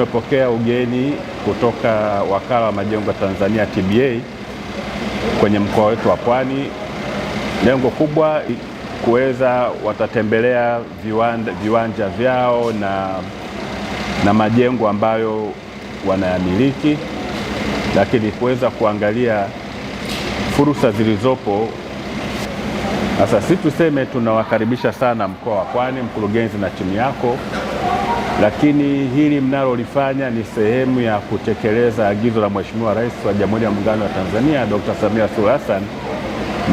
Tumepokea ugeni kutoka wakala wa majengo Tanzania TBA kwenye mkoa wetu wa Pwani. Lengo kubwa kuweza watatembelea viwanda, viwanja vyao na, na majengo ambayo wanayamiliki, lakini kuweza kuangalia fursa zilizopo. Sasa si tuseme tunawakaribisha sana mkoa wa Pwani, mkurugenzi na timu yako. Lakini hili mnalolifanya ni sehemu ya kutekeleza agizo la Mheshimiwa Rais wa Jamhuri ya Muungano wa Tanzania Dr. Samia Suluhu Hassan.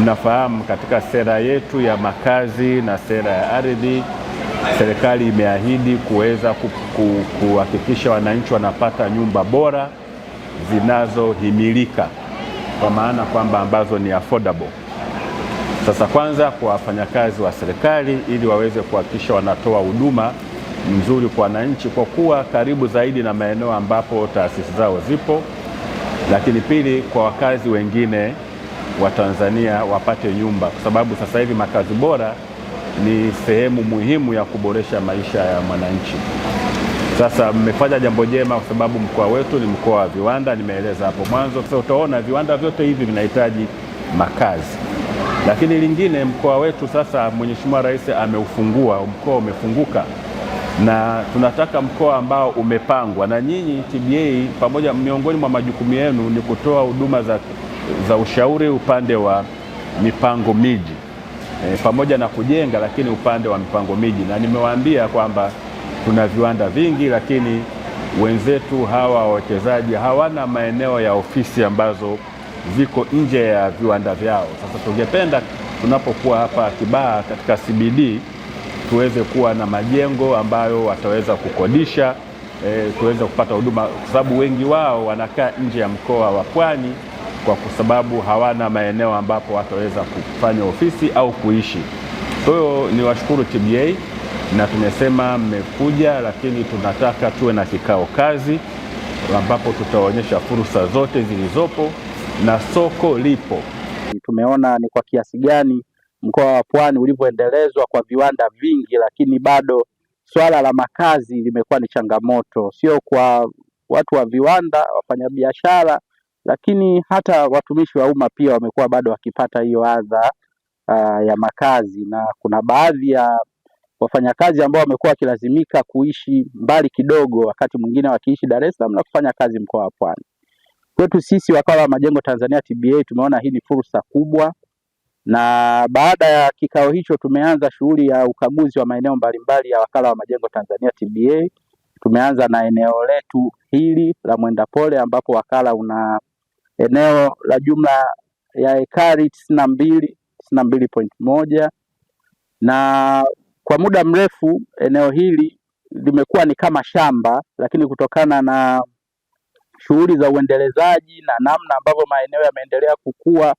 Mnafahamu katika sera yetu ya makazi na sera ya ardhi, serikali imeahidi kuweza kuhakikisha wananchi wanapata nyumba bora zinazohimilika, kwa maana kwamba ambazo ni affordable. Sasa kwanza, kwa wafanyakazi wa serikali ili waweze kuhakikisha wanatoa huduma mzuri kwa wananchi kwa kuwa karibu zaidi na maeneo ambapo taasisi zao zipo, lakini pili, kwa wakazi wengine wa Tanzania wapate nyumba, kwa sababu sasa hivi makazi bora ni sehemu muhimu ya kuboresha maisha ya mwananchi. Sasa mmefanya jambo jema, kwa sababu mkoa wetu ni mkoa wa viwanda, nimeeleza hapo mwanzo. Sasa utaona viwanda vyote hivi vinahitaji makazi. Lakini lingine, mkoa wetu sasa, Mheshimiwa Rais ameufungua, mkoa umefunguka na tunataka mkoa ambao umepangwa. Na nyinyi TBA, pamoja miongoni mwa majukumu yenu ni kutoa huduma za, za ushauri upande wa mipango miji e, pamoja na kujenga, lakini upande wa mipango miji, na nimewaambia kwamba tuna viwanda vingi, lakini wenzetu hawa wawekezaji hawana maeneo ya ofisi ambazo ziko nje ya viwanda vyao. Sasa tungependa tunapokuwa hapa Kibaha katika CBD tuweze kuwa na majengo ambayo wataweza kukodisha e, tuweze kupata huduma, kwa sababu wengi wao wanakaa nje ya mkoa wa Pwani kwa sababu hawana maeneo ambapo wataweza kufanya ofisi au kuishi. Kwa hiyo niwashukuru TBA na tumesema mmekuja, lakini tunataka tuwe na kikao kazi ambapo tutaonyesha fursa zote zilizopo na soko lipo. Tumeona ni kwa kiasi gani mkoa wa Pwani ulivyoendelezwa kwa viwanda vingi, lakini bado swala la makazi limekuwa ni changamoto, sio kwa watu wa viwanda, wafanyabiashara, lakini hata watumishi wa umma pia wamekuwa bado wakipata hiyo adha uh, ya makazi, na kuna baadhi ya wafanyakazi ambao wamekuwa wakilazimika kuishi mbali kidogo, wakati mwingine wakiishi Dar es Salaam na kufanya kazi mkoa wa Pwani. Kwetu sisi wakala wa majengo Tanzania TBA tumeona hii ni fursa kubwa na baada ya kikao hicho tumeanza shughuli ya ukaguzi wa maeneo mbalimbali ya wakala wa majengo Tanzania TBA. Tumeanza na eneo letu hili la mwenda pole ambapo wakala una eneo la jumla ya ekari tisini na mbili tisini na mbili point moja na kwa muda mrefu eneo hili limekuwa ni kama shamba, lakini kutokana na shughuli za uendelezaji na namna ambavyo maeneo yameendelea kukua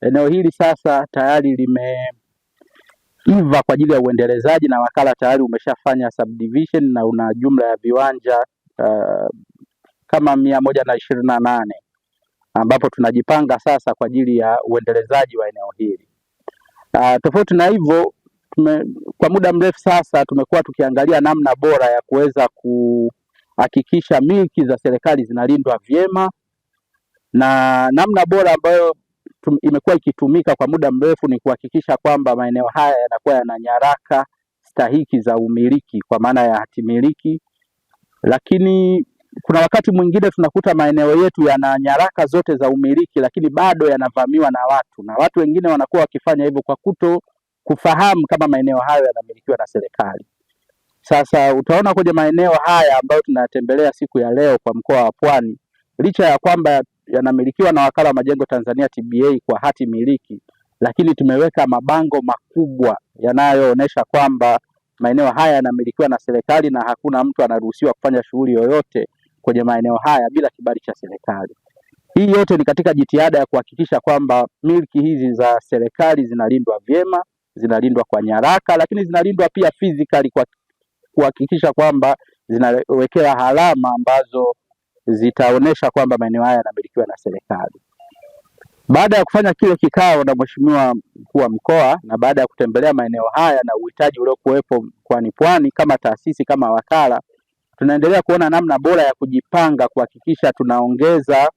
Eneo hili sasa tayari limeiva kwa ajili ya uendelezaji na wakala tayari umeshafanya subdivision na una jumla ya viwanja uh, kama mia moja na ishirini na nane ambapo tunajipanga sasa kwa ajili ya uendelezaji wa eneo hili. Uh, tofauti na hivyo tume, kwa muda mrefu sasa tumekuwa tukiangalia namna bora ya kuweza kuhakikisha miliki za serikali zinalindwa vyema na namna bora ambayo imekuwa ikitumika kwa muda mrefu ni kuhakikisha kwamba maeneo haya yanakuwa yana nyaraka stahiki za umiliki kwa maana ya hatimiliki, lakini kuna wakati mwingine tunakuta maeneo yetu yana nyaraka zote za umiliki, lakini bado yanavamiwa na watu, na watu wengine wanakuwa wakifanya hivyo kwa kuto kufahamu kama maeneo hayo yanamilikiwa na serikali. Sasa utaona kwenye maeneo haya ambayo tunatembelea siku ya leo kwa mkoa wa Pwani, licha ya kwamba yanamilikiwa na wakala wa majengo Tanzania TBA kwa hati miliki, lakini tumeweka mabango makubwa yanayoonyesha kwamba maeneo haya yanamilikiwa na serikali na hakuna mtu anaruhusiwa kufanya shughuli yoyote kwenye maeneo haya bila kibali cha serikali. Hii yote ni katika jitihada ya kuhakikisha kwamba miliki hizi za serikali zinalindwa vyema, zinalindwa kwa nyaraka, lakini zinalindwa pia fizikali kwa kuhakikisha kwamba zinawekewa alama ambazo zitaonesha kwamba maeneo haya yanamilikiwa na serikali. Baada ya kufanya kile kikao na mheshimiwa mkuu wa mkoa na baada ya kutembelea maeneo haya na uhitaji uliokuwepo mkoani Pwani kama taasisi kama wakala, tunaendelea kuona namna bora ya kujipanga kuhakikisha tunaongeza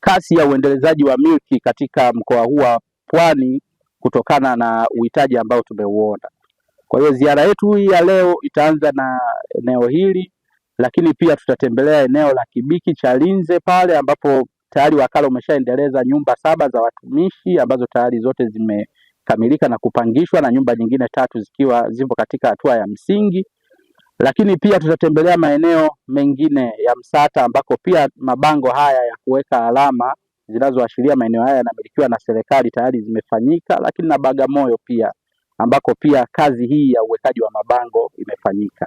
kasi ya uendelezaji wa milki katika mkoa huu wa Pwani kutokana na uhitaji ambao tumeuona. Kwa hiyo ziara yetu hii ya leo itaanza na eneo hili lakini pia tutatembelea eneo la Kibiki cha linze pale ambapo tayari wakala umeshaendeleza nyumba saba za watumishi ambazo tayari zote zimekamilika na kupangishwa na nyumba nyingine tatu zikiwa zipo katika hatua ya msingi. Lakini pia tutatembelea maeneo mengine ya Msata ambako pia mabango haya ya kuweka alama zinazoashiria maeneo haya yanamilikiwa na serikali tayari zimefanyika, lakini na Bagamoyo pia ambako pia kazi hii ya uwekaji wa mabango imefanyika.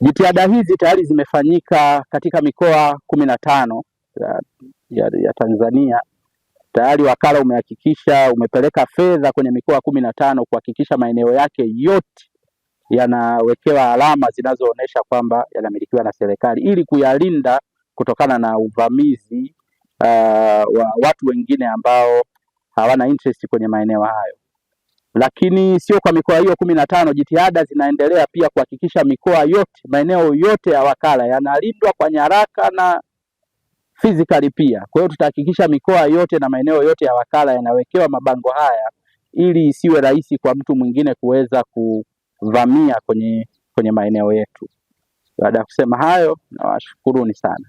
Jitihada hizi tayari zimefanyika katika mikoa kumi na tano ya, ya, ya Tanzania. Tayari wakala umehakikisha umepeleka fedha kwenye mikoa kumi na tano kuhakikisha maeneo yake yote yanawekewa alama zinazoonyesha kwamba yanamilikiwa na serikali ili kuyalinda kutokana na uvamizi uh, wa watu wengine ambao hawana interest kwenye maeneo hayo. Lakini sio kwa mikoa hiyo kumi na tano. Jitihada zinaendelea pia kuhakikisha mikoa yote, maeneo yote ya wakala yanalindwa kwa nyaraka na fizikali pia. Kwa hiyo tutahakikisha mikoa yote na maeneo yote ya wakala yanawekewa mabango haya ili isiwe rahisi kwa mtu mwingine kuweza kuvamia kwenye, kwenye maeneo yetu. Baada ya kusema hayo, nawashukuruni sana.